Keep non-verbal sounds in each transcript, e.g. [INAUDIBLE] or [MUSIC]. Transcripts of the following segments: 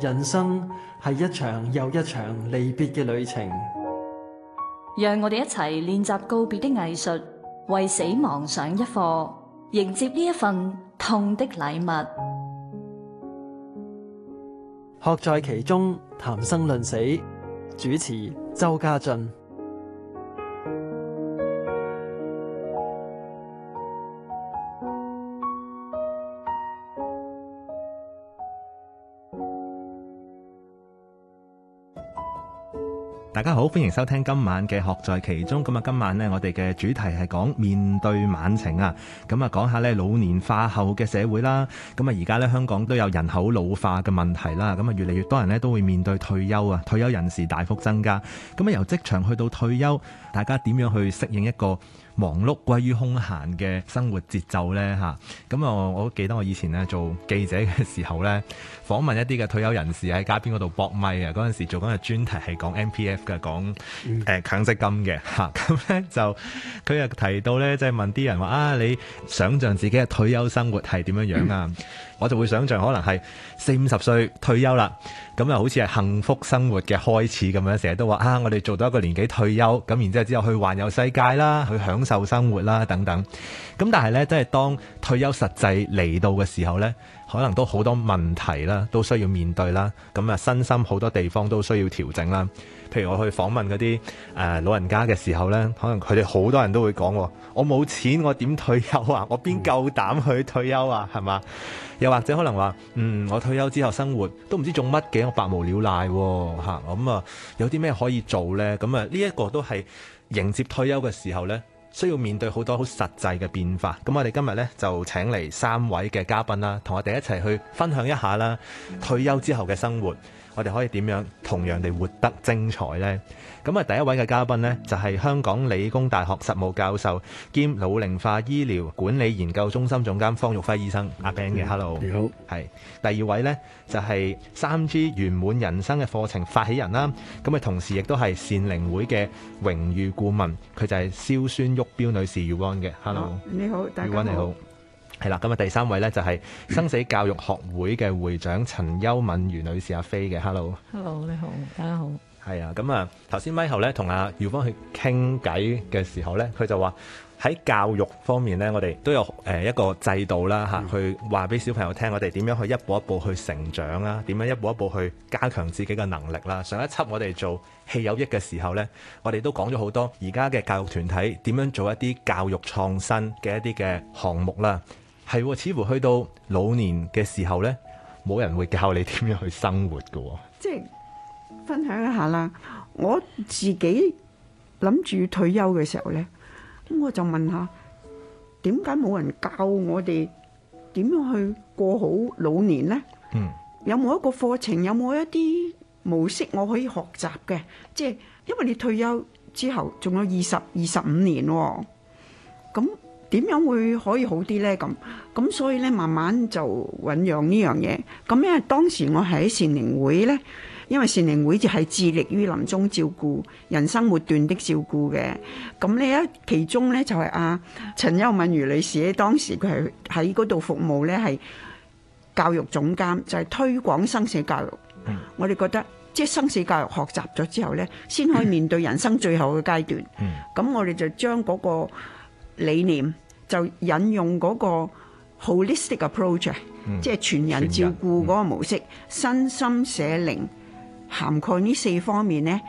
人生係一場又一場離別嘅旅程，讓我哋一齊練習告別的藝術，為死亡上一課，迎接呢一份痛的禮物。學在其中，談生論死，主持周家俊。大家好，歡迎收聽今晚嘅學在其中。咁啊，今晚咧我哋嘅主題係講面對晚晴啊。咁啊，講下咧老年化後嘅社會啦。咁啊，而家咧香港都有人口老化嘅問題啦。咁啊，越嚟越多人咧都會面對退休啊，退休人士大幅增加。咁啊，由職場去到退休，大家點樣去適應一個？忙碌歸於空閒嘅生活節奏呢。嚇、啊，咁啊我，我記得我以前咧做記者嘅時候咧，訪問一啲嘅退休人士喺街邊嗰度博米，嘅嗰陣時，做緊嘅專題係講 MPF 嘅講誒強積金嘅嚇，咁、啊、呢，就佢又提到呢，即、就、係、是、問啲人話啊，你想像自己嘅退休生活係點樣樣啊？嗯我就會想像可能係四五十歲退休啦，咁又好似係幸福生活嘅開始咁樣，成日都話啊，我哋做到一個年紀退休，咁然之後之後去環遊世界啦，去享受生活啦，等等。咁但係咧，即係當退休實際嚟到嘅時候咧，可能都好多問題啦，都需要面對啦。咁啊，身心好多地方都需要調整啦。譬如我去訪問嗰啲誒老人家嘅時候咧，可能佢哋好多人都會講：我冇錢，我點退休啊？我邊夠膽去退休啊？係嘛？又或者可能話：嗯，我退休之後生活都唔知做乜嘅，我百無聊賴喎、哦、嚇。咁啊，嗯、有啲咩可以做咧？咁、嗯、啊，呢、這、一個都係迎接退休嘅時候咧，需要面對好多好實際嘅變化，咁我哋今日呢，就請嚟三位嘅嘉賓啦，同我哋一齊去分享一下啦退休之後嘅生活。我哋可以點樣同樣地活得精彩呢？咁啊，第一位嘅嘉賓呢，就係、是、香港理工大學實務教授兼老年化醫療管理研究中心總監方玉輝醫生，阿 Ben 嘅，Hello，你好。係第二位呢，就係、是、三 G 完滿人生嘅課程發起人啦。咁啊，同時亦都係善靈會嘅榮譽顧問，佢就係蕭宣旭標女士 y 安嘅，Hello，你好大 u 你好。係啦，咁啊，第三位呢，就係生死教育學會嘅會長陳優敏如女士阿飛嘅，hello，hello，你好，大家好。係啊，咁啊，頭先咪 i c 咧同阿耀邦去傾偈嘅時候呢，佢就話喺教育方面呢，我哋都有誒一個制度啦，吓，去話俾小朋友聽，我哋點樣去一步一步去成長啦，點樣一步一步去加強自己嘅能力啦。上一輯我哋做氣有益嘅時候呢，我哋都講咗好多，而家嘅教育團體點樣做一啲教育創新嘅一啲嘅項目啦。係，似乎去到老年嘅時候咧，冇人會教你點樣去生活㗎。即係分享一下啦，我自己諗住退休嘅時候咧，咁我就問下，點解冇人教我哋點樣去過好老年咧？嗯，有冇一個課程，有冇一啲模式我可以學習嘅？即係，因為你退休之後仲有二十二十五年，咁。點樣會可以好啲呢？咁咁所以咧，慢慢就醞釀呢樣嘢。咁因為當時我喺善寧會呢，因為善寧會就係致力於臨終照顧、人生末段的照顧嘅。咁咧，其中呢，就係阿陳丘敏如女士咧，當時佢喺嗰度服務呢係教育總監，就係、是、推廣生死教育。嗯、我哋覺得即係生死教育學習咗之後呢，先可以面對人生最後嘅階段。咁、嗯嗯、我哋就將嗰個理念，就引用嗰個 holistic approach，嗯、即係全人照顧嗰個模式，嗯、身心社靈涵蓋呢四方面咧，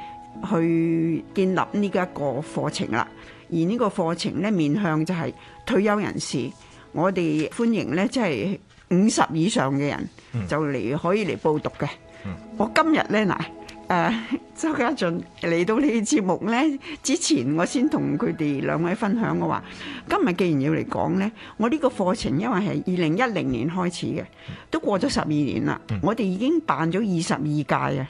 去建立呢一個課程啦。而呢個課程咧面向就係退休人士，我哋歡迎咧即係五十以上嘅人就嚟可以嚟報讀嘅。嗯、我今日咧嗱。誒，uh, 周家俊嚟到呢個節目咧之前，我先同佢哋兩位分享我話：今日既然要嚟講咧，我呢個課程因為係二零一零年開始嘅，都過咗十二年啦。嗯、我哋已經辦咗二十二屆啊！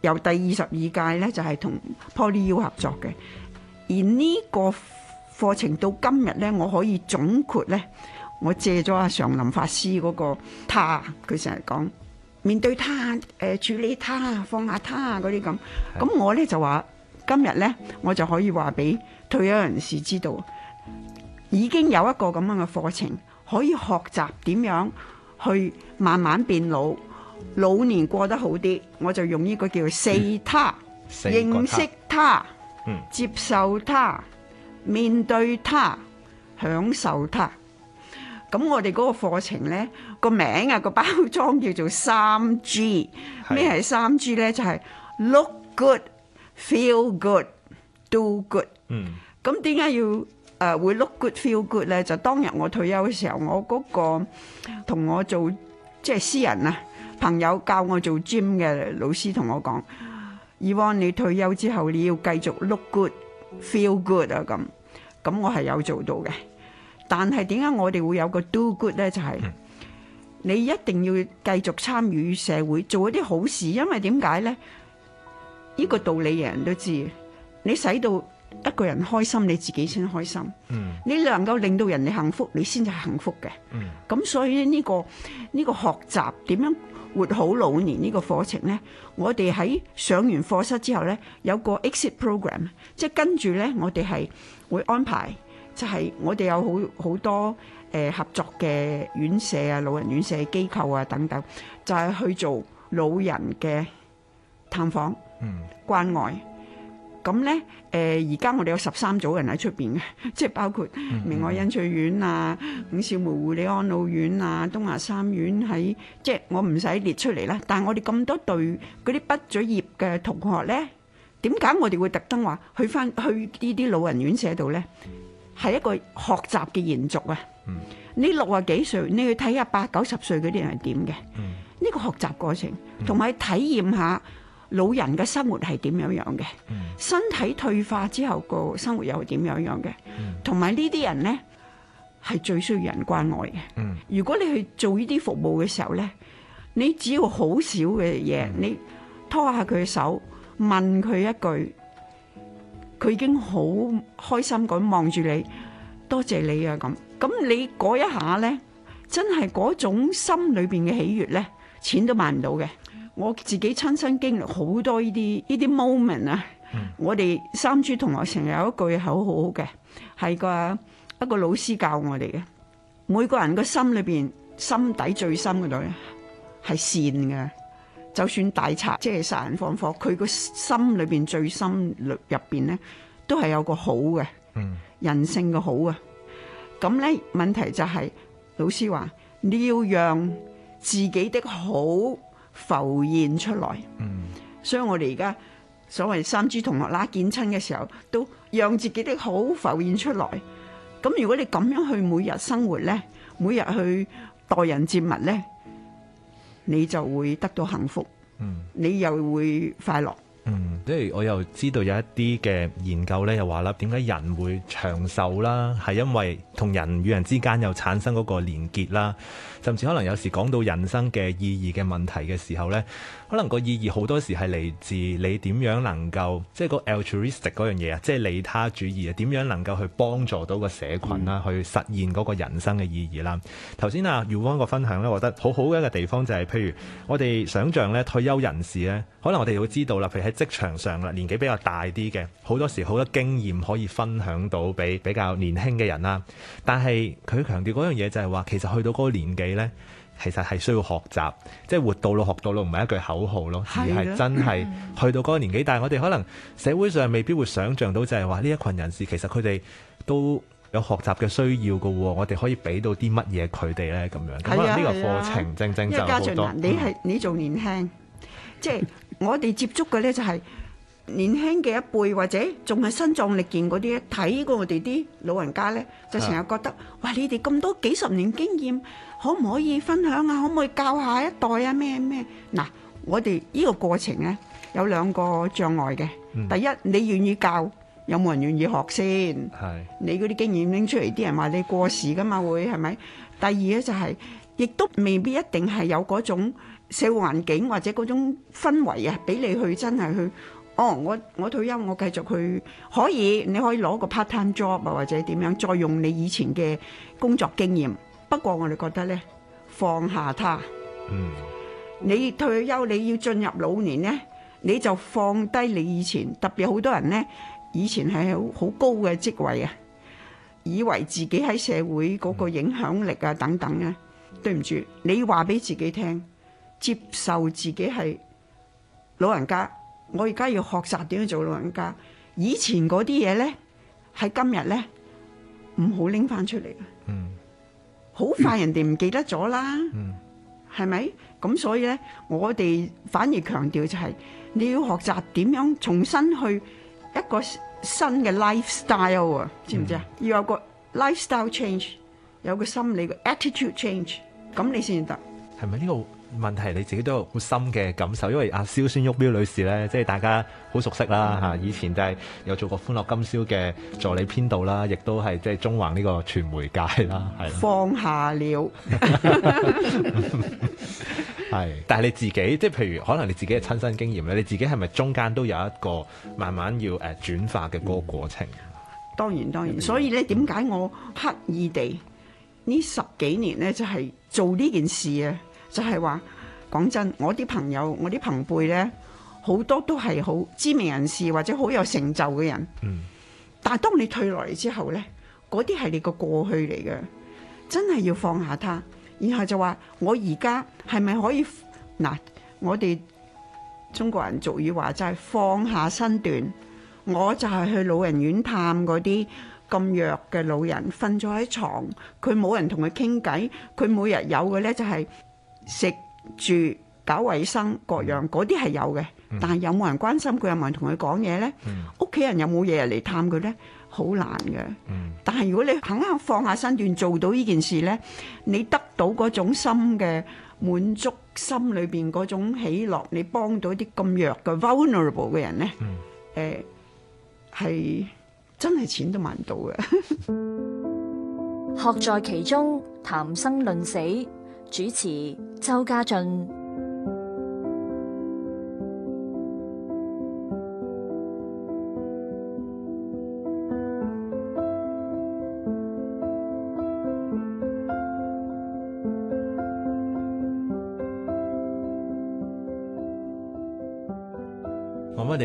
由第二十二屆咧就係、是、同 PolyU 合作嘅，而呢個課程到今日咧，我可以總括咧，我借咗阿常林法師嗰個他，佢成日講。面對他，誒、呃、處理他，放下他啊嗰啲咁。咁的我咧就話，今日咧我就可以話俾退休人士知道，已經有一個咁樣嘅課程，可以學習點樣去慢慢變老，老年過得好啲。我就用呢個叫做四他，嗯、四個他，認識他，嗯、接受他，面對他，享受他。咁我哋嗰個課程咧。個名啊，個包裝叫做三 G，咩係三 G 呢？就係 look good，feel good，do good。嗯，咁點解要誒會 look good，feel good 呢？就當日我退休嘅時候，我嗰個同我做即係私人啊朋友教我做 gym 嘅老師同我講，以往你退休之後你要繼續 look good，feel good 啊咁，咁我係有做到嘅。但係點解我哋會有個 do good 呢？就係。你一定要繼續參與社會，做一啲好事，因為點解咧？呢個道理人人都知，你使到一個人開心，你自己先開心。嗯，你能夠令到人哋幸福，你先至係幸福嘅。嗯，咁所以呢個呢個學習點樣活好老年呢個課程咧？我哋喺上完課室之後咧，有個 exit program，即係跟住咧，我哋係會安排，就係我哋有好好多。誒合作嘅院舍啊、老人院舍機構啊等等，就係去做老人嘅探訪、關愛。咁咧誒，而家我哋有十三組人喺出邊嘅，即係包括明愛欣翠院啊、伍少梅護理安老院啊、東華三院喺，即係我唔使列出嚟啦。但係我哋咁多隊嗰啲畢咗業嘅同學咧，點解我哋會特登話去翻去呢啲老人院舍度咧？係一個學習嘅延續啊！嗯、你六啊幾歲，你去睇下八九十歲嗰啲人係點嘅？嗯、呢個學習過程，同埋、嗯、體驗下老人嘅生活係點樣樣嘅？嗯、身體退化之後個生活又係點樣樣嘅？同埋、嗯、呢啲人咧係最需要人關愛嘅。嗯、如果你去做呢啲服務嘅時候咧，你只要好少嘅嘢，嗯、你拖下佢手，問佢一句。佢已經好開心咁望住你，多謝你啊！咁咁你嗰一下咧，真係嗰種心裏邊嘅喜悅咧，錢都買唔到嘅。我自己親身經歷好多呢啲呢啲 moment 啊，嗯、我哋三 G 同學成日有一句口好好嘅，係個一個老師教我哋嘅，每個人嘅心裏邊心底最深嗰度咧，係善㗎。就算大賊，即係殺人放火，佢個心裏邊最心裏入邊咧，都係有個好嘅，人性嘅好啊。咁咧，問題就係、是、老師話，你要讓自己的好浮現出來。Mm. 所以我哋而家所謂三 G 同學拉見親嘅時候，都讓自己的好浮現出來。咁如果你咁樣去每日生活咧，每日去待人接物咧，你就會得到幸福，嗯、你又會快樂。嗯，即係我又知道有一啲嘅研究咧，又話啦，點解人會長壽啦？係因為同人與人之間又產生嗰個連結啦，甚至可能有時講到人生嘅意義嘅問題嘅時候咧。可能個意義好多時係嚟自你點樣能夠，即係個 altruistic 嗰樣嘢啊，即係利他主義啊，點樣能夠去幫助到個社群啦，嗯、去實現嗰個人生嘅意義啦。頭先阿余安個分享呢，我覺得好好嘅一個地方就係，譬如我哋想象呢退休人士呢，可能我哋會知道啦，譬如喺職場上啦，年紀比較大啲嘅，好多時好多經驗可以分享到俾比較年輕嘅人啦。但係佢強調嗰樣嘢就係話，其實去到嗰個年紀呢。其實係需要學習，即係活到老學到老，唔係一句口號咯，而係真係去到嗰個年紀。 [NOISE] 但係我哋可能社會上未必會想像到，就係話呢一群人士其實佢哋都有學習嘅需要嘅喎。我哋可以俾到啲乜嘢佢哋咧咁樣？可能呢個課程正正就好多。啊啊、家俊你係你仲年輕， [LAUGHS] 即係我哋接觸嘅咧就係、是。年輕嘅一輩或者仲係身壯力健嗰啲睇過我哋啲老人家呢，就成日覺得哇！你哋咁多幾十年經驗，可唔可以分享啊？可唔可以教下一代啊？咩咩。嗱，我哋呢個過程呢有兩個障礙嘅。第一，你願意教，有冇人願意學先？係你嗰啲經驗拎出嚟，啲人話你過時㗎嘛，會，係咪？第二呢就係亦都未必一定係有嗰種社會環境或者嗰種氛圍啊，俾你去真係去。哦，我、oh, 我退休，我繼續去可以，你可以攞個 part time job 啊，或者點樣，再用你以前嘅工作經驗。不過我哋覺得咧，放下他。嗯，你退休，你要進入老年咧，你就放低你以前，特別好多人咧，以前係好好高嘅職位啊，以為自己喺社會嗰個影響力啊等等啊。對唔住，你話俾自己聽，接受自己係老人家。我而家要學習點樣做老人家，以前嗰啲嘢咧，喺今日咧唔好拎翻出嚟嘅。嗯，好很快、嗯、人哋唔記得咗啦。嗯，係咪？咁所以咧，我哋反而強調就係、是、你要學習點樣重新去一個新嘅 lifestyle 啊？知唔知啊？嗯、要有個 lifestyle change，有個心理嘅 attitude change，咁你先得。係咪呢個？問題你自己都有好深嘅感受，因為阿、啊、蕭孫郁標女士呢，即係大家好熟悉啦嚇。嗯、以前就係有做過《歡樂今宵》嘅助理編導啦，亦都係即係中環呢個傳媒界啦，放下了係。但係你自己即係譬如可能你自己嘅親身經驗咧，你自己係咪中間都有一個慢慢要誒轉化嘅嗰個過程？嗯、當然當然，所以咧點解我刻意地呢十幾年呢，就係做呢件事啊？就係話講真，我啲朋友，我啲朋輩咧，好多都係好知名人士或者好有成就嘅人。嗯。但係當你退落嚟之後咧，嗰啲係你個過去嚟嘅，真係要放下他。然後就話我而家係咪可以嗱？我哋中國人俗語話就係放下身段，我就係去老人院探嗰啲咁弱嘅老人，瞓咗喺床，佢冇人同佢傾偈，佢每日有嘅咧就係、是。食住搞衛生各樣嗰啲係有嘅，但係有冇人關心佢，有冇人同佢講嘢咧？屋企人有冇嘢嚟探佢咧？好難嘅。但係如果你肯肯放下身段做到呢件事咧，你得到嗰種心嘅滿足，心裏邊嗰種喜樂，你幫到啲咁弱嘅 vulnerable 嘅人咧，誒，係真係錢都買唔到嘅。學在其中，談生論死。主持周家俊。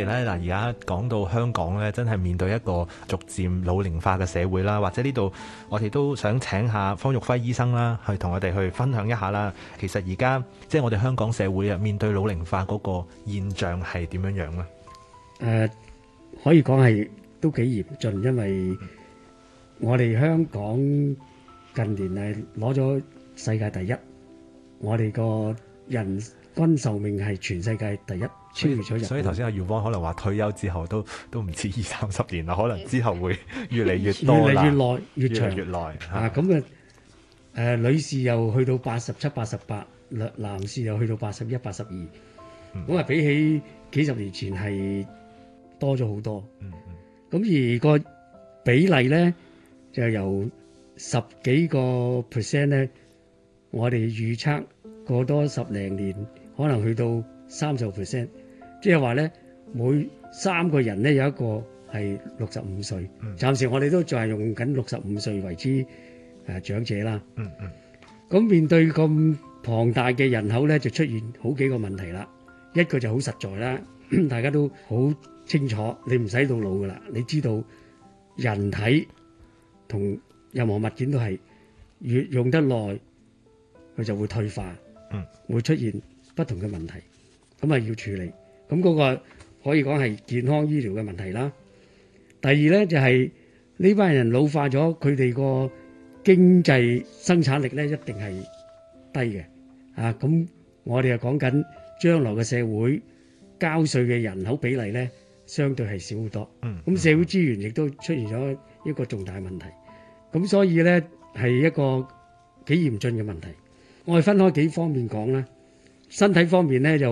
咧而家講到香港咧，真係面對一個逐漸老齡化嘅社會啦，或者呢度我哋都想請下方玉輝醫生啦，去同我哋去分享一下啦。其實而家即係我哋香港社會啊，面對老齡化嗰個現象係點樣樣咧？誒、呃，可以講係都幾嚴峻，因為我哋香港近年係攞咗世界第一，我哋個人均壽命係全世界第一。超越咗人，所以頭先阿 Yvonne 可能話退休之後都都唔止二三十年啦，可能之後會越嚟越多啦，越嚟越耐，越長越耐。吓咁啊，誒，女士又去到八十七、八十八，男男士又去到八十一、八十二，咁啊，比起幾十年前係多咗好多。咁而個比例咧，就由十幾個 percent 咧，我哋預測過多十零年，可能去到。三十 percent，即係話咧，每三個人咧有一個係六十五歲，暫、嗯、時我哋都仲係用緊六十五歲為之誒、呃、長者啦。嗯嗯。咁、嗯、面對咁龐大嘅人口咧，就出現好幾個問題啦。一個就好實在啦，大家都好清楚，你唔使到老噶啦，你知道人體同任何物件都係越用得耐，佢就會退化，嗯，會出現不同嘅問題。咁啊，要處理咁嗰個可以講係健康醫療嘅問題啦。第二呢，就係呢班人老化咗，佢哋個經濟生產力呢一定係低嘅。啊，咁我哋又講緊將來嘅社會交稅嘅人口比例呢，相對係少好多。嗯，咁社會資源亦都出現咗一個重大問題。咁所以呢，係一個幾嚴峻嘅問題。我哋分開幾方面講呢。身體方面咧，就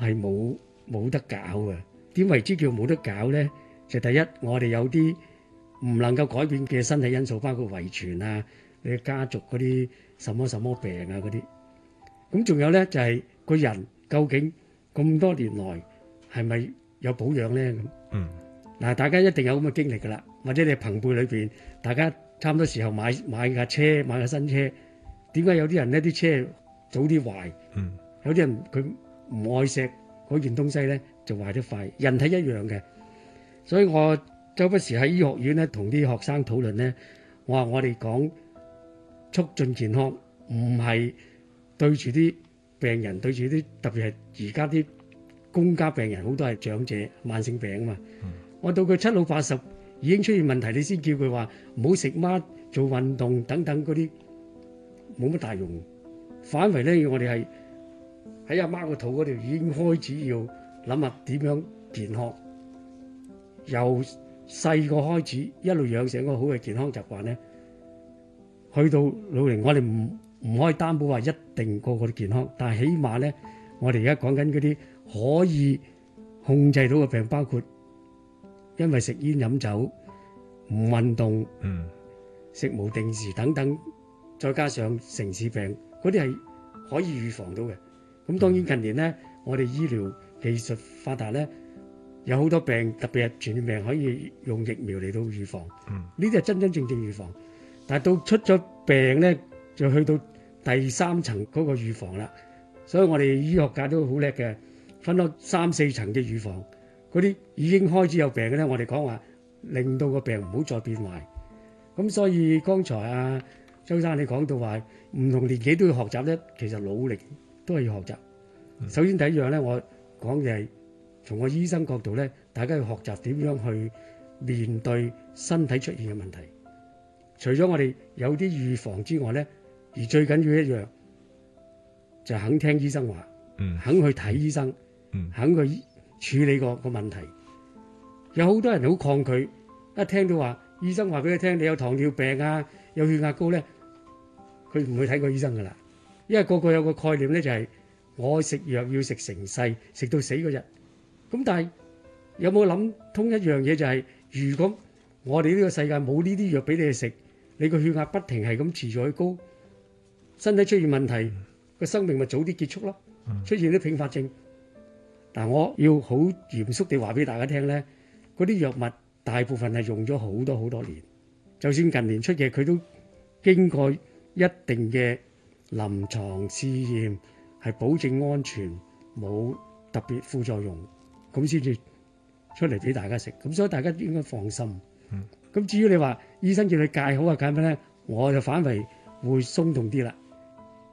係冇冇得搞嘅。點為之叫冇得搞咧？就第一，我哋有啲唔能夠改變嘅身體因素，包括遺傳啊，你家族嗰啲什麼什麼病啊嗰啲。咁仲有咧，就係個人究竟咁多年來係咪有保養咧？嗯。嗱，大家一定有咁嘅經歷噶啦，或者你朋輩裏邊，大家差唔多時候買買架車買架新車，點解有啲人咧啲車？早啲壞，有啲人佢唔愛錫嗰件東西咧，就壞得快。人係一樣嘅，所以我周不時喺醫學院咧，同啲學生討論咧，我話我哋講促進健康，唔係對住啲病人，對住啲特別係而家啲公家病人，好多係長者慢性病啊嘛。我到佢七老八十已經出現問題，你先叫佢話唔好食乜做運動等等嗰啲，冇乜大用。反為咧，要我哋係喺阿媽個肚嗰條已經開始要諗下點樣健康。由細個開始，一路養成個好嘅健康習慣咧，去到老齡，我哋唔唔可以擔保話一定個個都健康，但係起碼咧，我哋而家講緊嗰啲可以控制到嘅病，包括因為食煙飲酒、唔運動、食冇定時等等，再加上城市病。嗰啲係可以預防到嘅，咁當然近年呢，嗯、我哋醫療技術發達呢，有好多病特別係傳染病可以用疫苗嚟到預防，呢啲係真真正正預防。但係到出咗病呢，就去到第三層嗰個預防啦。所以我哋醫學界都好叻嘅，分咗三四層嘅預防。嗰啲已經開始有病嘅呢，我哋講話令到個病唔好再變壞。咁所以剛才啊～周生，你講到話唔同年紀都要學習咧，其實努力都係要學習。Mm hmm. 首先第一樣咧，我講嘅係從我醫生角度咧，大家要學習點樣去面對身體出現嘅問題。除咗我哋有啲預防之外咧，而最緊要一樣就肯聽醫生話，mm hmm. 肯去睇醫生，mm hmm. 肯去處理個個問題。有好多人好抗拒，一聽到話醫生話俾佢聽，你有糖尿病啊，有血壓高咧。佢唔會睇過醫生噶啦，因為個個有個概念咧，就係我食藥要食成世，食到死嗰日。咁但係有冇諗通一樣嘢就係，如果我哋呢個世界冇呢啲藥俾你去食，你個血壓不停係咁持續去高，身體出現問題，個生命咪早啲結束咯。出現啲併發症，但我要好嚴肅地話俾大家聽咧，嗰啲藥物大部分係用咗好多好多年，就算近年出嘅，佢都經過。一定嘅臨床試驗係保證安全，冇特別副作用，咁先至出嚟俾大家食。咁所以大家應該放心。咁、嗯、至於你話醫生叫你戒口啊，咁樣咧，我就反為會鬆動啲啦。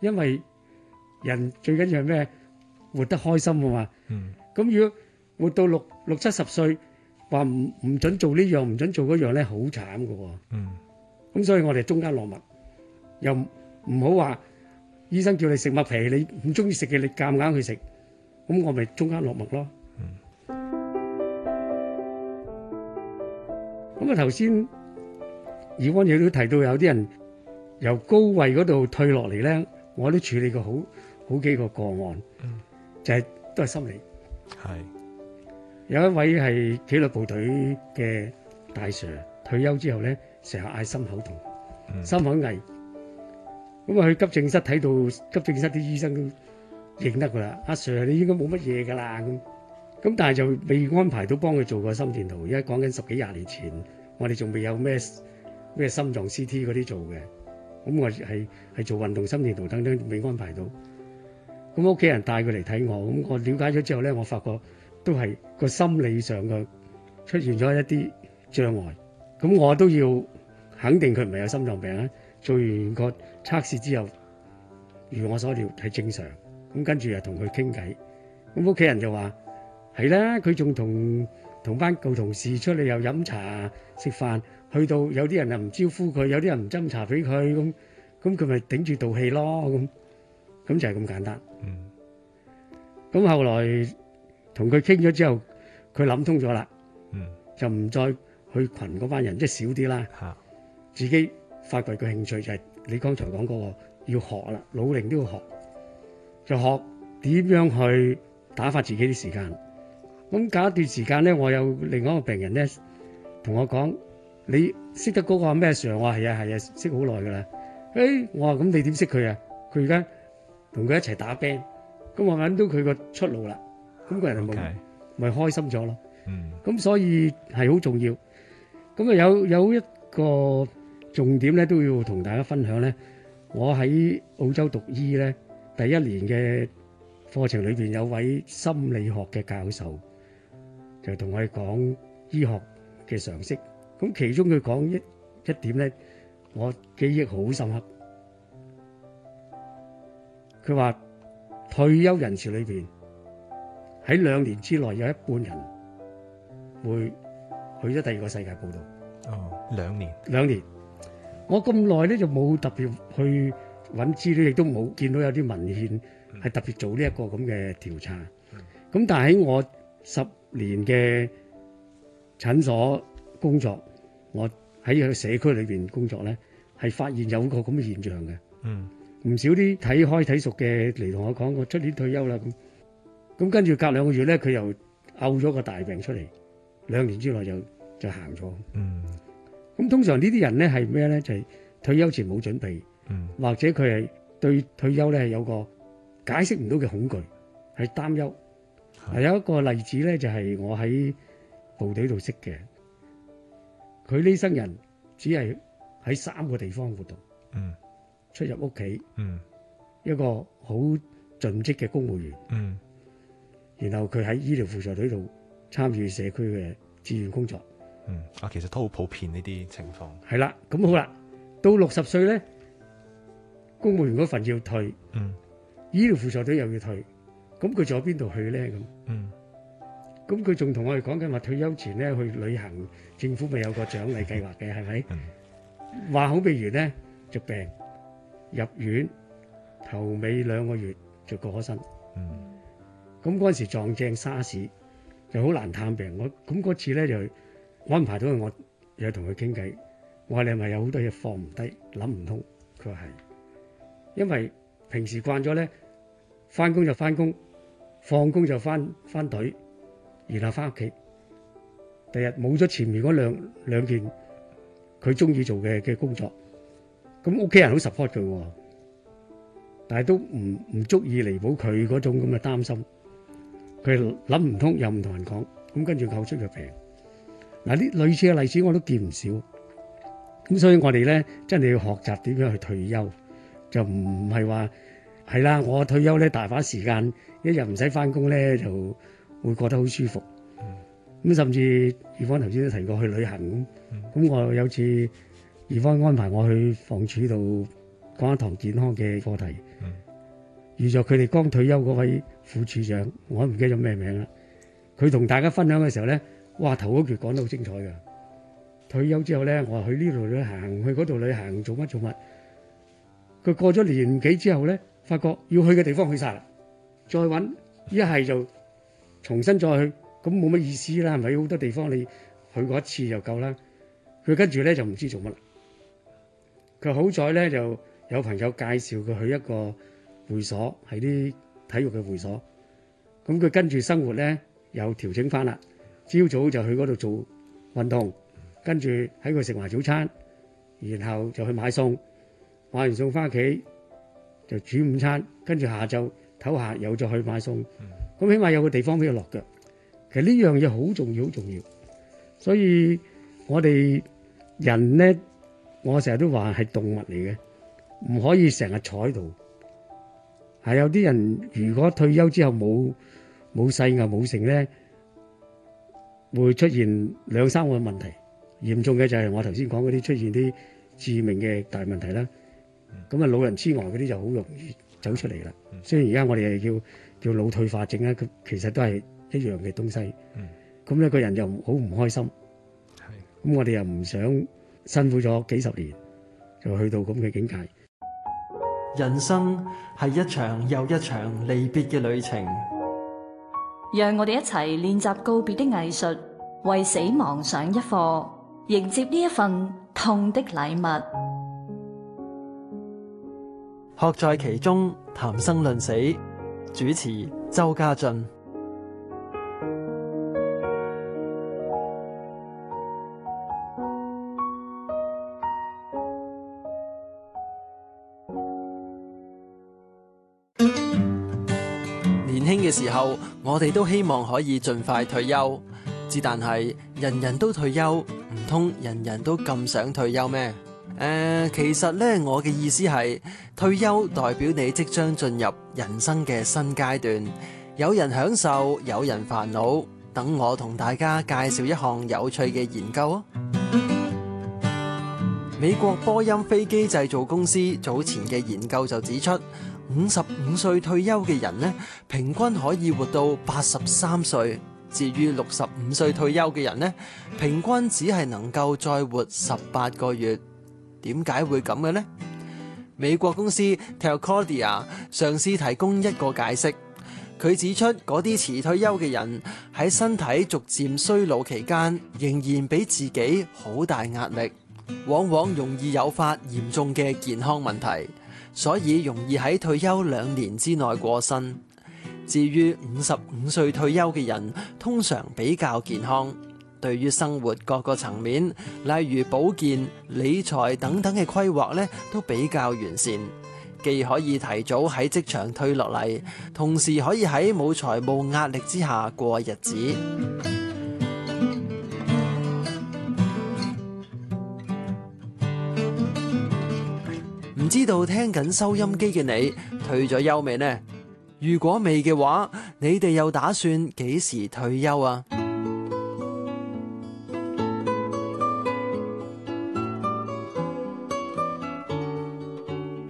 因為人最緊要係咩？活得開心啊嘛。咁、嗯、如果活到六六七十歲，話唔唔準做呢樣，唔準做嗰樣咧，好慘噶喎、哦。咁、嗯、所以我哋中間落墨。又唔好話，醫生叫你食麥皮，你唔中意食嘅，你夾硬，硬去食，咁我咪中間落墨咯。咁啊、嗯，頭先以官亦都提到有啲人由高位嗰度退落嚟咧，我都處理過好好幾個個案，嗯、就係、是、都係心理。係是有一位係紀律部隊嘅大 Sir 退休之後咧，成日嗌心口痛、嗯、心口翳。咁啊，去急症室睇到急症室啲醫生都認得噶啦，阿 Sir 你應該冇乜嘢噶啦，咁咁但係就未安排到幫佢做過心電圖，而家講緊十幾廿年前，我哋仲未有咩咩心臟 CT 嗰啲做嘅，咁我係係做運動心電圖等等未安排到，咁屋企人帶佢嚟睇我，咁我了解咗之後咧，我發覺都係個心理上嘅出現咗一啲障礙，咁我都要肯定佢唔係有心臟病啊。做完個測試之後，如我所料係正常。咁跟住又同佢傾偈。咁屋企人就話：係啦，佢仲同同班舊同事出嚟又飲茶食飯，去到有啲人又唔招呼佢，有啲人唔斟茶俾佢咁，咁佢咪頂住道氣咯咁。咁就係咁簡單。咁後來同佢傾咗之後，佢諗通咗啦。嗯，就唔再去群嗰班人，即係少啲啦。嚇、嗯，自、嗯、己。發掘嘅興趣就係、是、你剛才講嗰、那個要學啦，老齡都要學，就學點樣去打發自己啲時間。咁、嗯、隔一段時間咧，我有另外一個病人咧同我講：你識得嗰個咩 Sir 啊？係啊，係啊，識好耐㗎喇。誒，我話咁、欸、你點識佢啊？佢而家同佢一齊打 band，咁、嗯、我揾到佢個出路啦。咁個人係咪咪開心咗咯？嗯，咁 Okay. 所以係好重要。咁啊、嗯、有有一個。重點咧都要同大家分享咧，我喺澳洲讀醫咧，第一年嘅課程裏邊有位心理學嘅教授，就同我哋講醫學嘅常識。咁其中佢講一一點咧，我記憶好深刻。佢話退休人士裏邊喺兩年之內有一半人會去咗第二個世界報到。哦，兩年，兩年。我咁耐咧就冇特別去揾資料，亦都冇見到有啲文獻係特別做呢一個咁嘅調查。咁但係喺我十年嘅診所工作，我喺個社區裏邊工作咧，係發現有個咁嘅現象嘅。唔少啲睇開睇熟嘅嚟同我講過，出年退休啦咁。咁跟住隔兩個月咧，佢又嘔咗個大病出嚟，兩年之內就就行咗。咁通常呢啲人咧，係咩咧？就係、是、退休前冇準備，嗯，或者佢係對退休咧係有個解釋唔到嘅恐懼，係擔憂。係、嗯、有一個例子咧就係、是、我喺部隊度識嘅，佢呢生人只係喺三個地方活動，嗯，出入屋企，嗯，一個好盡職嘅公務員，嗯，然後佢喺醫療輔助隊度參與社區嘅志願工作。嗯，啊，其實都好普遍呢啲情況係啦。咁 [NOISE] 好啦，到六十歲咧，公務員嗰份要退，嗯，醫療輔助隊又要退，咁佢仲有邊度去咧？咁，嗯，咁佢仲同我哋講緊話退休前咧去旅行，政府咪有個獎勵計劃嘅？係咪？ [LAUGHS] 嗯，話好譬如咧，就病入院頭尾兩個月就過身，嗯，咁嗰陣時撞正沙士，r 就好難探病。我咁嗰次咧就。安排到，我又同佢傾偈。我話你係咪有好多嘢放唔低，諗唔通？佢話係，因為平時慣咗咧，翻工就翻工，放工就翻翻隊，然後翻屋企。第日冇咗前面嗰兩兩件佢中意做嘅嘅工作，咁屋企人好 support 佢，但係都唔唔足以彌補佢嗰種咁嘅擔心。佢諗唔通又唔同人講，咁跟住口出就平。嗱，呢類似嘅例子我都見唔少，咁所以我哋咧真係要學習點樣去退休，就唔係話係啦。我退休咧大把時間，一日唔使翻工咧就會覺得好舒服。咁、嗯、甚至余方頭先都提過去旅行咁，咁、嗯、我有次余方安排我去房署度講一堂健康嘅課題，遇着佢哋剛退休嗰位副署長，我唔記得咗咩名啦。佢同大家分享嘅時候咧。哇！頭嗰句講得好精彩㗎。退休之後咧，我話去呢度旅行，去嗰度旅行，做乜做乜？佢過咗年幾之後咧，發覺要去嘅地方去晒啦，再揾一係就重新再去，咁冇乜意思啦。係咪好多地方你去過一次就夠啦？佢跟住咧就唔知做乜啦。佢好在咧就有朋友介紹佢去一個會所，係啲體育嘅會所。咁佢跟住生活咧又調整翻啦。朝早就去嗰度做運動，跟住喺佢食埋早餐，然後就去買餸，買完餸返屋企就煮午餐，跟住下晝唞下，又再去買餸。咁起碼有個地方俾佢落腳。其實呢樣嘢好重要，好重要。所以我哋人呢，我成日都話係動物嚟嘅，唔可以成日坐喺度。係有啲人如果退休之後冇冇勢、冇成呢，會出現兩三個問題，嚴重嘅就係我頭先講嗰啲出現啲致命嘅大問題啦。咁啊，老人痴呆嗰啲就好容易走出嚟啦。雖然而家我哋係叫叫腦退化症啦，佢其實都係一樣嘅東西。咁咧，個人又好唔開心。咁我哋又唔想辛苦咗幾十年，就去到咁嘅境界。人生係一場又一場離別嘅旅程。讓我哋一齊練習告別的藝術，為死亡上一課，迎接呢一份痛的禮物。學在其中，談生論死。主持：周家俊。我哋都希望可以盡快退休，只但係人人都退休，唔通人人都咁想退休咩？誒，其實咧，我嘅意思係退休代表你即將進入人生嘅新階段，有人享受，有人煩惱。等我同大家介紹一項有趣嘅研究啊！美國波音飛機製造公司早前嘅研究就指出，五十五歲退休嘅人呢，平均可以活到八十三歲；至於六十五歲退休嘅人呢，平均只係能夠再活十八個月。點解會咁嘅呢？美國公司 Telcordia 嘗試提供一個解釋，佢指出嗰啲遲退休嘅人喺身體逐漸衰老期間，仍然俾自己好大壓力，往往容易誘發嚴重嘅健康問題。所以容易喺退休兩年之內過身。至於五十五歲退休嘅人，通常比較健康，對於生活各個層面，例如保健、理財等等嘅規劃咧，都比較完善。既可以提早喺職場退落嚟，同時可以喺冇財務壓力之下過日子。知道聽緊收音機嘅你退咗休未呢？如果未嘅話，你哋又打算幾時退休啊？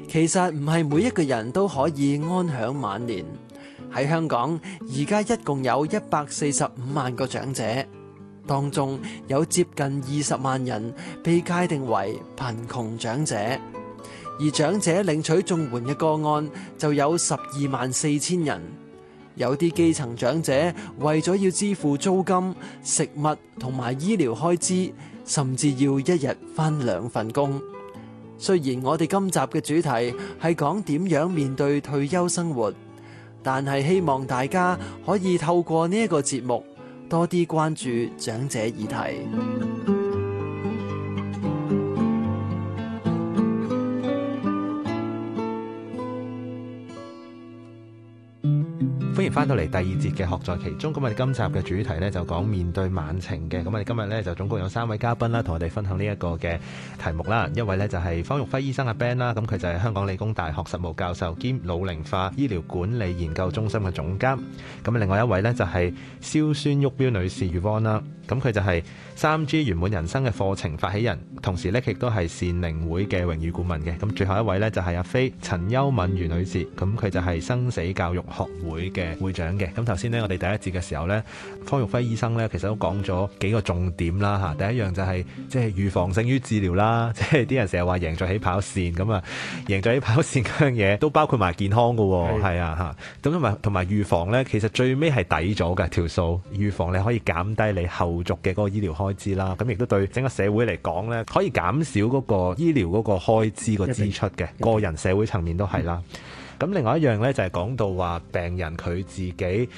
其實唔係每一個人都可以安享晚年。喺香港，而家一共有一百四十五萬個長者，當中有接近二十萬人被界定為貧窮長者。而長者領取綜援嘅個案就有十二萬四千人，有啲基層長者為咗要支付租金、食物同埋醫療開支，甚至要一日返兩份工。雖然我哋今集嘅主題係講點樣面對退休生活，但係希望大家可以透過呢一個節目多啲關注長者議題。翻到嚟第二節嘅學在其中，咁我哋今集嘅主題呢，就講面對晚晴嘅，咁我哋今日呢，就總共有三位嘉賓啦，同我哋分享呢一個嘅題目啦。一位呢，就係、是、方玉輝醫生阿 Ben 啦，咁佢就係香港理工大學實務教授兼老齡化醫療管理研究中心嘅總監。咁另外一位呢，就係蕭孫郁標女士 Yvonne 啦，咁佢就係、是。三 G 完滿人生嘅課程發起人，同時咧亦都係善寧會嘅榮譽顧問嘅。咁最後一位咧就係、是、阿飛陳丘敏如女士，咁佢就係生死教育學會嘅會長嘅。咁頭先呢，我哋第一節嘅時候呢，方玉輝醫生呢，其實都講咗幾個重點啦嚇。第一樣就係、是、即係預防勝於治療啦，即係啲人成日話贏在起跑線，咁啊贏在起跑線嗰樣嘢都包括埋健康㗎喎、哦，係啊嚇。咁因為同埋預防呢，其實最尾係抵咗嘅條數，預防你可以減低你後續嘅嗰個醫療開支啦，咁亦都對整個社會嚟講呢，可以減少嗰個醫療嗰個開支個支出嘅，個人、社會層面都係啦。咁 [LAUGHS] 另外一樣呢，就係講到話病人佢自己。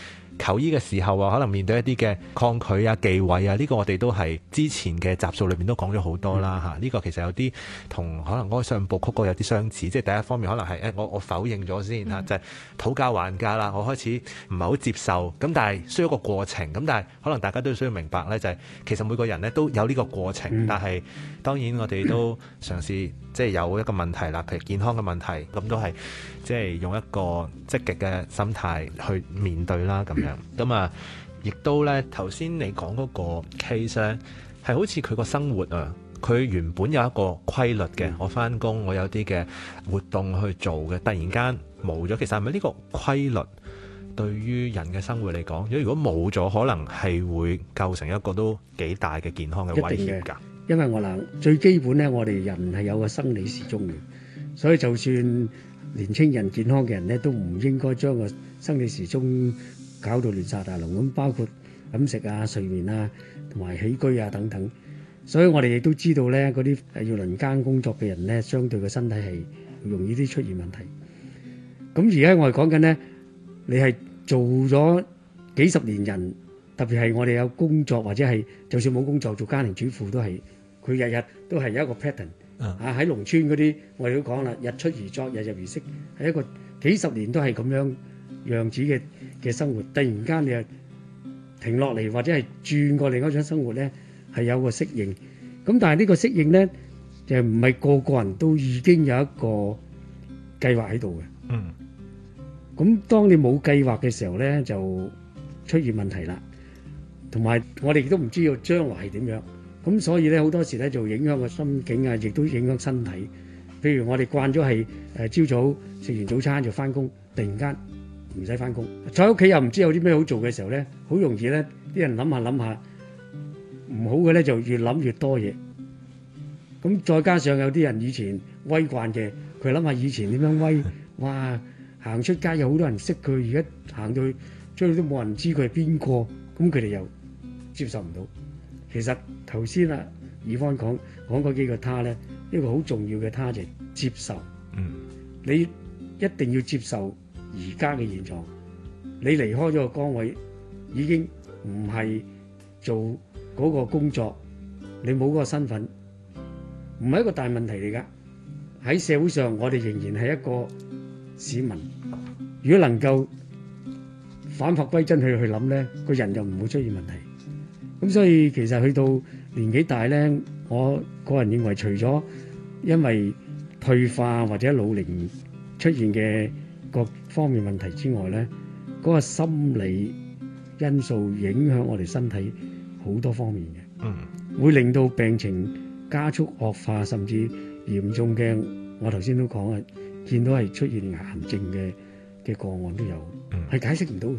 求醫嘅時候啊，可能面對一啲嘅抗拒啊、忌諱啊，呢、這個我哋都係之前嘅集數裏面都講咗好多啦嚇。呢、嗯啊這個其實有啲同可能哀傷五部曲嗰個有啲相似，即係第一方面可能係誒、欸、我我否認咗先嚇、啊，就係、是、討價還價啦。我開始唔係好接受，咁但係需要一個過程。咁但係可能大家都需要明白呢，就係、是、其實每個人呢都有呢個過程，嗯、但係當然我哋都嘗試即係有一個問題啦，譬如健康嘅問題，咁都係。即係用一個積極嘅心態去面對啦，咁樣咁啊，亦都咧頭先你講嗰個 case 咧，係好似佢個生活啊，佢原本有一個規律嘅、嗯，我翻工我有啲嘅活動去做嘅，突然間冇咗，其實係咪呢個規律對於人嘅生活嚟講，如果冇咗，可能係會構成一個都幾大嘅健康嘅威脅㗎。因為我諗最基本咧，我哋人係有個生理時鐘嘅。所以就算年青人健康嘅人咧，都唔應該將個生理時鐘搞到亂晒大龍咁。包括飲食啊、睡眠啊、同埋起居啊等等。所以我哋亦都知道咧，嗰啲要輪更工作嘅人咧，相對個身體係容易啲出現問題。咁而家我哋講緊咧，你係做咗幾十年人，特別係我哋有工作或者係就算冇工作做家庭主婦都係，佢日日都係有一個 pattern。啊！喺農村嗰啲，我哋都講啦，日出而作，日入而息，係一個幾十年都係咁樣樣子嘅嘅生活。突然間你停落嚟，或者係轉過另一種生活咧，係有個適應。咁但係呢個適應咧，就唔係個個人都已經有一個計劃喺度嘅。嗯。咁當你冇計劃嘅時候咧，就出現問題啦。同埋我哋亦都唔知道將來係點樣。咁所以咧，好多時咧就影響個心境啊，亦都影響身體。譬如我哋慣咗係誒朝早食完早餐就翻工，突然間唔使翻工，在屋企又唔知有啲咩好做嘅時候咧，好容易咧啲人諗下諗下，唔好嘅咧就越諗越多嘢。咁再加上有啲人以前威慣嘅，佢諗下以前點樣威，哇！行出街有好多人識佢，而家行到去，出去都冇人知佢係邊個，咁佢哋又接受唔到。其實頭先啊，乙方講講嗰幾個他咧，一個好重要嘅他就接受。嗯，你一定要接受而家嘅現狀。你離開咗個崗位，已經唔係做嗰個工作，你冇嗰個身份，唔係一個大問題嚟噶。喺社會上，我哋仍然係一個市民。如果能夠返璞歸真去去諗咧，個人就唔會出現問題。咁所以其實去到年紀大咧，我個人認為除咗因為退化或者老齡出現嘅各方面問題之外咧，嗰個心理因素影響我哋身體好多方面嘅。嗯，會令到病情加速惡化，甚至嚴重嘅。我頭先都講啊，見到係出現癌症嘅嘅個案都有，係解釋唔到嘅。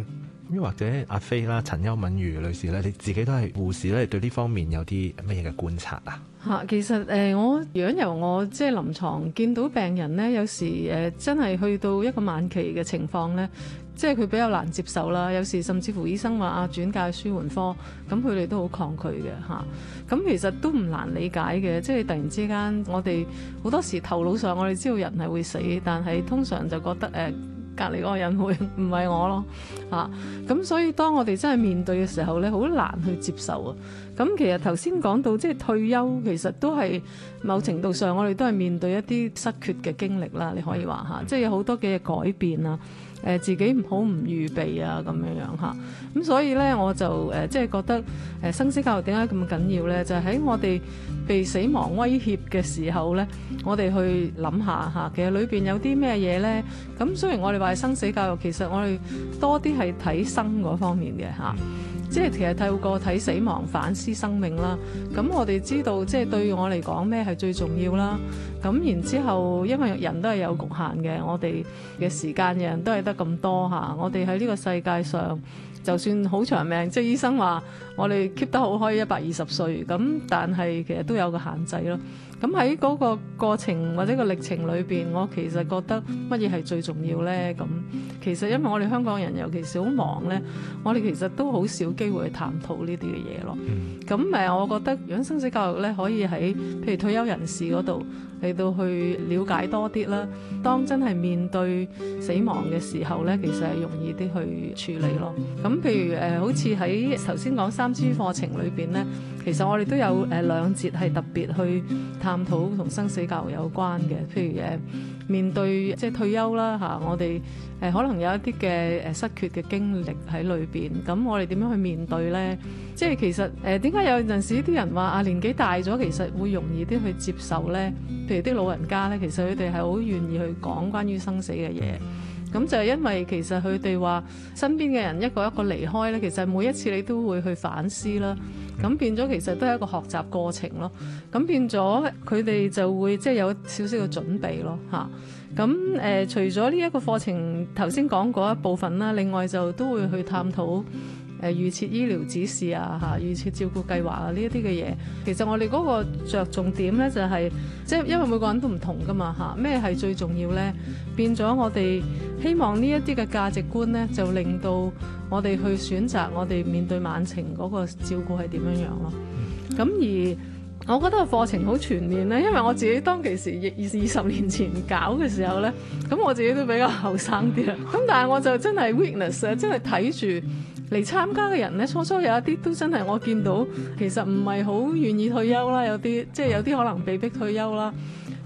或者阿菲啦、陳丘敏如女士咧，你自己都係護士咧，對呢方面有啲乜嘢嘅觀察啊？嚇，其實誒，如果由我即係、就是、臨床見到病人咧，有時誒、呃、真係去到一個晚期嘅情況咧，即係佢比較難接受啦。有時甚至乎醫生話啊，轉介舒緩科，咁佢哋都好抗拒嘅嚇。咁、啊、其實都唔難理解嘅，即係突然之間，我哋好多時頭腦上，我哋知道人係會死，但係通常就覺得誒，呃隔離嗰個人會唔係我咯，嚇咁，啊、所以當我哋真係面對嘅時候咧，好難去接受啊。咁其實頭先講到即係退休，其實都係某程度上我哋都係面對一啲失缺嘅經歷啦。你可以話嚇，啊，即係有好多嘅改變啊。誒，自己唔好唔預備啊，咁樣樣嚇，咁所以咧我就誒、呃、即係覺得誒、呃、生死教育點解咁緊要咧？就喺、是、我哋被死亡威脅嘅時候咧，我哋去諗下嚇，其實裏邊有啲咩嘢咧？咁雖然我哋話係生死教育，其實我哋多啲係睇生嗰方面嘅嚇。即係其實透過睇死亡反思生命啦，咁我哋知道即係對於我嚟講咩係最重要啦。咁然之後，因為人都係有局限嘅，我哋嘅時間人都係得咁多吓，我哋喺呢個世界上。就算好長命，即係醫生話我哋 keep 得好，可以一百二十歲咁，但係其實都有個限制咯。咁喺嗰個過程或者個歷程裏邊，我其實覺得乜嘢係最重要呢？咁其實因為我哋香港人尤其是好忙呢，我哋其實都好少機會去探討呢啲嘅嘢咯。咁誒，我覺得養生死教育呢，可以喺譬如退休人士嗰度。嚟到去了解多啲啦，當真係面對死亡嘅時候咧，其實係容易啲去處理咯。咁譬如誒、呃，好似喺頭先講三 G 課程裏邊咧。其實我哋都有誒、呃、兩節係特別去探討同生死教育有關嘅，譬如誒面對即係退休啦嚇、啊，我哋誒、呃、可能有一啲嘅誒失缺嘅經歷喺裏邊。咁我哋點樣去面對呢？即係其實誒點解有陣時啲人話阿年紀大咗，其實會容易啲去接受呢？譬如啲老人家呢，其實佢哋係好願意去講關於生死嘅嘢。咁就係因為其實佢哋話身邊嘅人一個一個離開呢，其實每一次你都會去反思啦。咁變咗其實都係一個學習過程咯，咁變咗佢哋就會即係、就是、有少少嘅準備咯吓，咁誒、呃，除咗呢一個課程頭先講嗰一部分啦，另外就都會去探討。誒預設醫療指示啊，嚇預設照顧計劃啊，呢一啲嘅嘢，其實我哋嗰個著重點呢、就係，就係，即係因為每個人都唔同噶嘛，嚇咩係最重要呢？變咗我哋希望呢一啲嘅價值觀呢，就令到我哋去選擇我哋面對晚晴嗰個照顧係點樣樣咯。咁 [LAUGHS] 而我覺得個課程好全面咧，因為我自己當其時二十年前搞嘅時候呢，咁我自己都比較後生啲啦。咁 [LAUGHS] [LAUGHS] 但係我就真係 witness，真係睇住。嚟參加嘅人咧，初初有一啲都真係，我見到其實唔係好願意退休啦，有啲即係有啲可能被逼退休啦，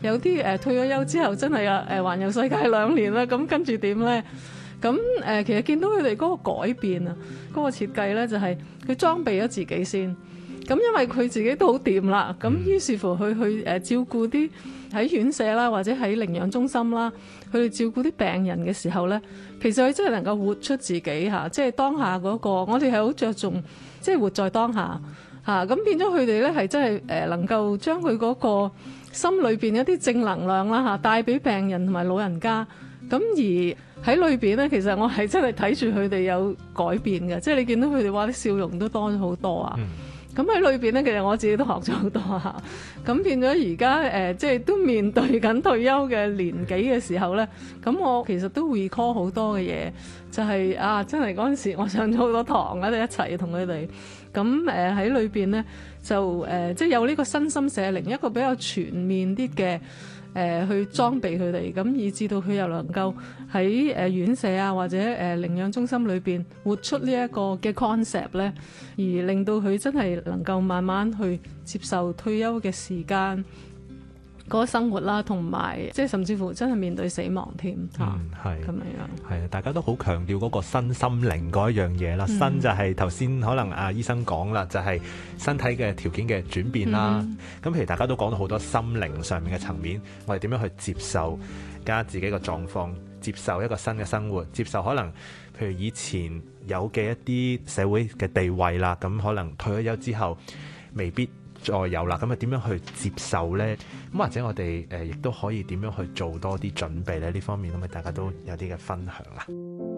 有啲誒、呃、退咗休之後真係啊誒環遊世界兩年啦，咁、嗯、跟住點咧？咁、嗯、誒、呃、其實見到佢哋嗰個改變啊，嗰、嗰個設計咧就係佢裝備咗自己先。咁因為佢自己都好掂啦，咁於是乎佢去誒照顧啲喺院舍啦，或者喺寧養中心啦，佢哋照顧啲病人嘅時候呢，其實佢真係能夠活出自己嚇，即係當下嗰個，我哋係好着重即係活在當下嚇。咁變咗佢哋呢，係真係誒能夠將佢嗰個心裏邊一啲正能量啦，嚇帶俾病人同埋老人家。咁而喺裏邊呢，其實我係真係睇住佢哋有改變嘅，即係你見到佢哋話啲笑容都多咗好多啊。咁喺裏邊咧，其實我自己都學咗好多吓。咁變咗而家誒，即係都面對緊退休嘅年紀嘅時候咧，咁我其實都 recall 好多嘅嘢，就係、是、啊，真係嗰陣時我上咗好多堂，我哋一齊同佢哋。咁誒喺裏邊咧，就誒、呃、即係有呢個身心社靈一個比較全面啲嘅。誒去裝備佢哋，咁以至到佢又能夠喺誒院舍啊，或者誒領養中心裏邊活出呢一個嘅 concept 咧，而令到佢真係能夠慢慢去接受退休嘅時間。個生活啦，同埋即係甚至乎真係面對死亡添嚇，咁、嗯、樣樣係啊！大家都好強調嗰個身心靈嗰一樣嘢啦。嗯、身就係頭先可能阿、啊、醫生講啦，就係、是、身體嘅條件嘅轉變啦。咁、嗯、譬如大家都講到好多心靈上面嘅層面，我哋點樣去接受加自己嘅狀況，接受一個新嘅生活，接受可能譬如以前有嘅一啲社會嘅地位啦，咁可能退咗休之後未必。再有啦，咁啊點樣去接受呢？咁或者我哋誒亦都可以點樣去做多啲準備呢？呢方面咁啊，大家都有啲嘅分享啦。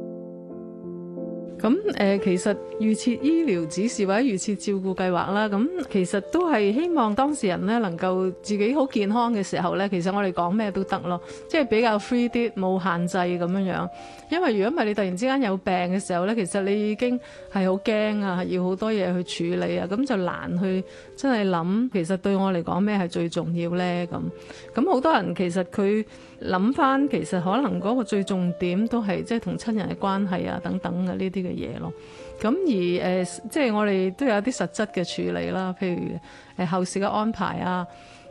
咁誒，其實預設醫療指示或者預設照顧計劃啦，咁其實都係希望當事人呢能夠自己好健康嘅時候呢，其實我哋講咩都得咯，即係比較 free 啲，冇限制咁樣樣。因為如果唔係你突然之間有病嘅時候呢，其實你已經係好驚啊，要好多嘢去處理啊，咁就難去真係諗，其實對我嚟講咩係最重要呢？咁咁好多人其實佢諗翻，其實可能嗰個最重點都係即係同親人嘅關係啊，等等嘅呢啲嘅嘢咯。咁而誒、呃，即係我哋都有啲實質嘅處理啦，譬如誒、呃、後事嘅安排啊，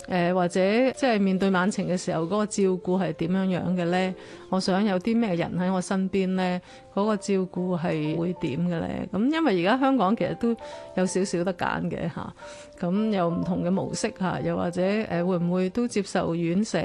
誒、呃、或者即係面對晚晴嘅時候嗰、那個照顧係點樣樣嘅呢？我想有啲咩人喺我身邊呢？嗰、那個照顧係會點嘅呢？咁因為而家香港其實都有少少得揀嘅嚇，咁、啊、有唔同嘅模式嚇、啊，又或者誒、呃、會唔會都接受院舍？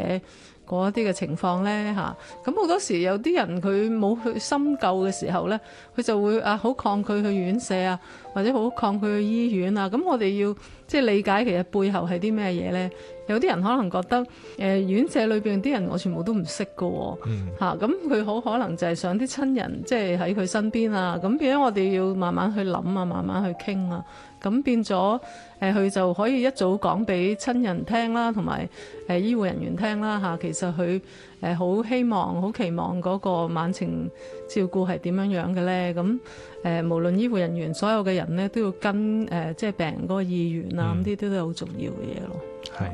嗰啲嘅情況呢，嚇、啊，咁好多時有啲人佢冇去深究嘅時候呢，佢就會啊好抗拒去院舍啊，或者好抗拒去醫院啊。咁我哋要即係理解其實背後係啲咩嘢呢？有啲人可能覺得誒、呃、院舍裏邊啲人我全部都唔識㗎喎、啊，咁佢好可能就係想啲親人即係喺佢身邊啊。咁變咗我哋要慢慢去諗啊，慢慢去傾啊。咁變咗，誒佢就可以一早講俾親人聽啦，同埋誒醫護人員聽啦嚇。其實佢誒好希望、好期望嗰個晚晴照顧係點樣樣嘅咧。咁誒，無論醫護人員，所有嘅人咧，都要跟誒即係病人嗰個意願啊，咁呢啲都係好重要嘅嘢咯。係，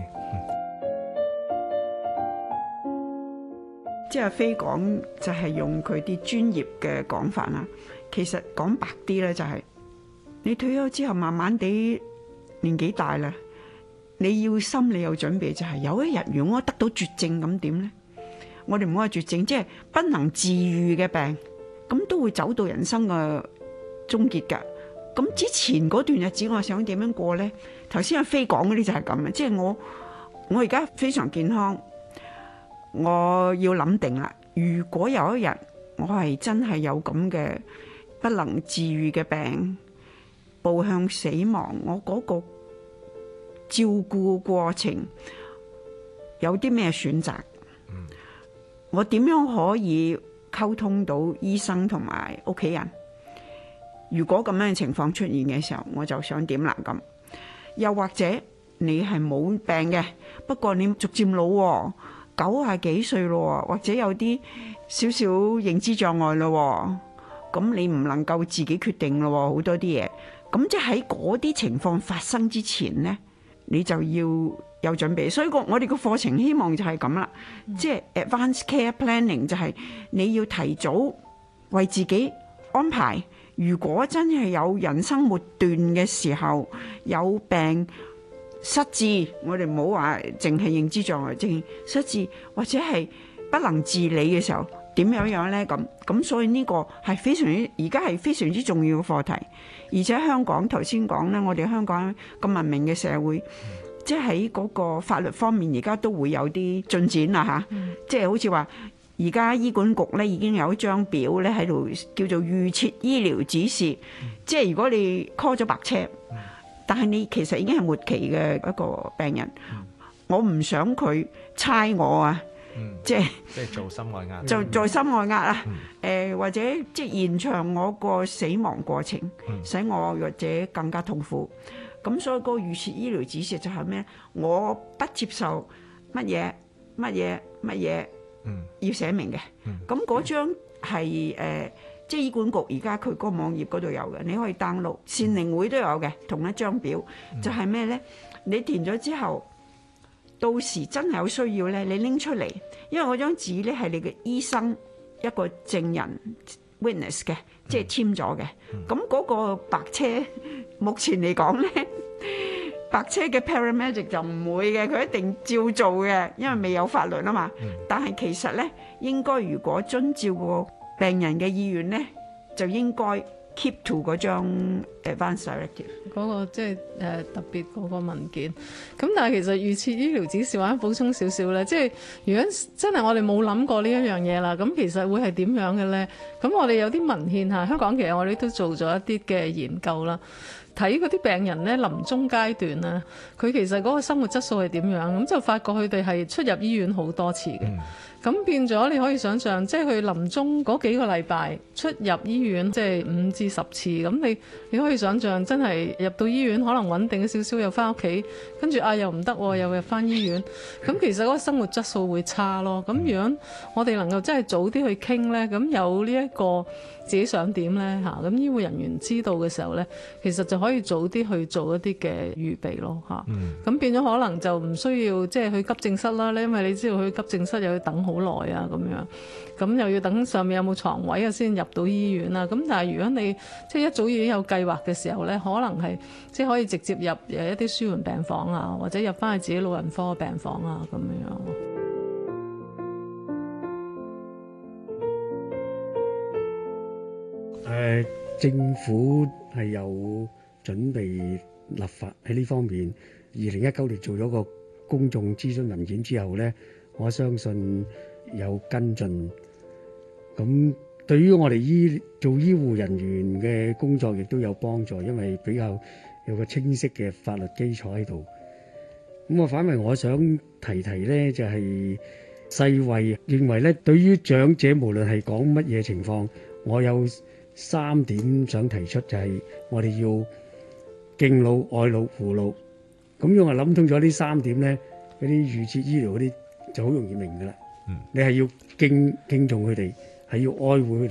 即係非講就係用佢啲專業嘅講法啦。其實講白啲咧，就係。你退休之後慢慢地年紀大啦，你要心理有準備就係有一日如果我得到絕症咁點咧？我哋唔好講絕症，即係不能治愈嘅病，咁都會走到人生嘅終結嘅。咁之前嗰段日子，我想點樣過咧？頭先阿飛講嗰啲就係咁啊，即係我我而家非常健康，我要諗定啦。如果有一日我係真係有咁嘅不能治愈嘅病。步向死亡，我嗰個照顧過程有啲咩選擇？我點樣可以溝通到醫生同埋屋企人？如果咁樣嘅情況出現嘅時候，我就想點啦咁。又或者你係冇病嘅，不過你逐漸老，九啊幾歲咯，或者有啲少少認知障礙咯。咁你唔能夠自己決定咯，好多啲嘢。咁即喺嗰啲情況發生之前咧，你就要有準備。所以個我哋個課程希望就係咁啦，即係、嗯、Advance Care Planning 就係你要提早為自己安排。如果真係有人生末段嘅時候有病失智，我哋唔好話淨係認知障礙症、失智或者係不能自理嘅時候。點樣呢樣咧？咁咁，所以呢個係非常之而家係非常之重要嘅課題。而且香港頭先講咧，我哋香港咁文明嘅社會，即係喺嗰個法律方面，而家都會有啲進展啦吓，啊嗯、即係好似話，而家醫管局咧已經有一張表咧喺度叫做預設醫療指示。嗯、即係如果你 call 咗白車，但係你其實已經係末期嘅一個病人，我唔想佢猜我啊！即係即係做心外壓，就做心外壓啊！誒或者即係延長我個死亡過程，使我或者更加痛苦。咁所以個預設醫療指示就係咩？我不接受乜嘢乜嘢乜嘢，要寫明嘅。咁嗰張係誒，即係醫管局而家佢個網頁嗰度有嘅，你可以登錄善寧會都有嘅同一張表，就係咩咧？你填咗之後。到時真係有需要咧，你拎出嚟，因為我張紙咧係你嘅醫生一個證人 witness 嘅，即係簽咗嘅。咁嗰、mm hmm. 個白車目前嚟講咧，白車嘅 paramedic 就唔會嘅，佢一定照做嘅，因為未有法律啊嘛。Mm hmm. 但係其實咧，應該如果遵照個病人嘅意願咧，就應該。Keep to 嗰張 advance directive 嗰個，即係誒特別嗰個文件，咁但係其實預設醫療指示話補充少少咧，即係如果真係我哋冇諗過呢一樣嘢啦，咁其實會係點樣嘅咧？咁我哋有啲文獻吓，香港其實我哋都做咗一啲嘅研究啦。睇嗰啲病人呢，臨終階段咧，佢其實嗰個生活質素係點樣？咁就發覺佢哋係出入醫院好多次嘅。咁變咗你可以想象，即係佢臨終嗰幾個禮拜出入醫院，即係五至十次。咁你你可以想象，真係入到醫院可能穩定少少，又翻屋企，跟住啊又唔得，又入翻醫院。咁其實嗰個生活質素會差咯。咁樣我哋能夠真係早啲去傾呢。咁有呢一個。 [MUSIC] 自己想點呢？嚇，咁醫護人員知道嘅時候呢，其實就可以早啲去做一啲嘅預備咯嚇。咁、啊、 [MUSIC] 變咗可能就唔需要即係去急症室啦，因為你知道去急症室又要等好耐啊咁樣，咁又要等上面有冇床位啊先入到醫院啊。咁但係如果你即係一早已經有計劃嘅時候呢，可能係即係可以直接入一啲舒緩病房啊，或者入翻去自己老人科嘅病房啊咁樣。政府係有準備立法喺呢方面。二零一九年做咗個公眾諮詢文件之後咧，我相信有跟進。咁對於我哋醫做醫護人員嘅工作，亦都有幫助，因為比較有個清晰嘅法律基礎喺度。咁我反為我想提提咧，就係世衛認為咧，對於長者無論係講乜嘢情況，我有。三點想提出就係我哋要敬老、愛老、扶老，咁樣啊諗通咗呢三點咧，嗰啲預設醫療嗰啲就好容易明㗎喇。嗯，你係要敬，敬重佢哋，係要愛護佢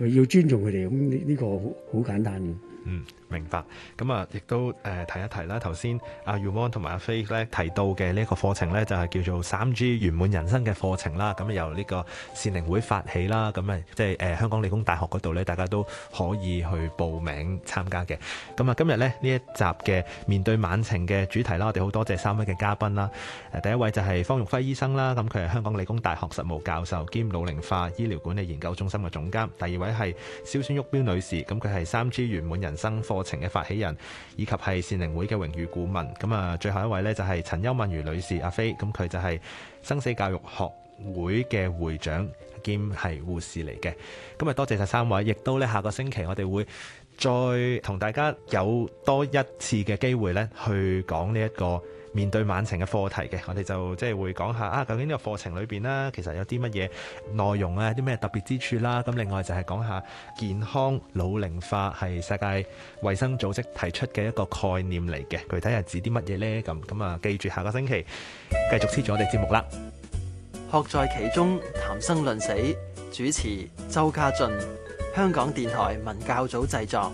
哋，要尊重佢哋，咁呢，呢個好好簡單嘅。嗯。明白咁啊，亦都誒提一提啦。頭先阿 Raymond 同埋阿飛咧提到嘅呢一個課程咧，就係叫做三 G 完滿人生嘅課程啦。咁由呢個善靈會發起啦，咁啊即係誒香港理工大學嗰度咧，大家都可以去報名參加嘅。咁啊，今日咧呢一集嘅面對晚晴嘅主題啦，我哋好多謝三位嘅嘉賓啦。誒第一位就係方玉輝醫生啦，咁佢係香港理工大學實務教授兼老齡化醫療管理研究中心嘅總監，第二位係蕭孫郁標女士，咁佢係三 G 完滿人生課情嘅發起人，以及係善寧會嘅榮譽顧問。咁啊，最後一位呢就係陳丘敏如女士阿菲，咁佢就係生死教育學會嘅會長兼係護士嚟嘅。咁啊，多謝晒三位，亦都呢，下個星期我哋會再同大家有多一次嘅機會呢去講呢一個。面對晚晴嘅課題嘅，我哋就即係會講下啊，究竟呢個課程裏邊啦，其實有啲乜嘢內容咧，啲咩特別之處啦。咁另外就係講下健康老齡化係世界衞生組織提出嘅一個概念嚟嘅，具體係指啲乜嘢呢？咁咁啊，記住下個星期繼續黐住我哋節目啦。學在其中，談生論死，主持周家俊，香港電台文教組製作。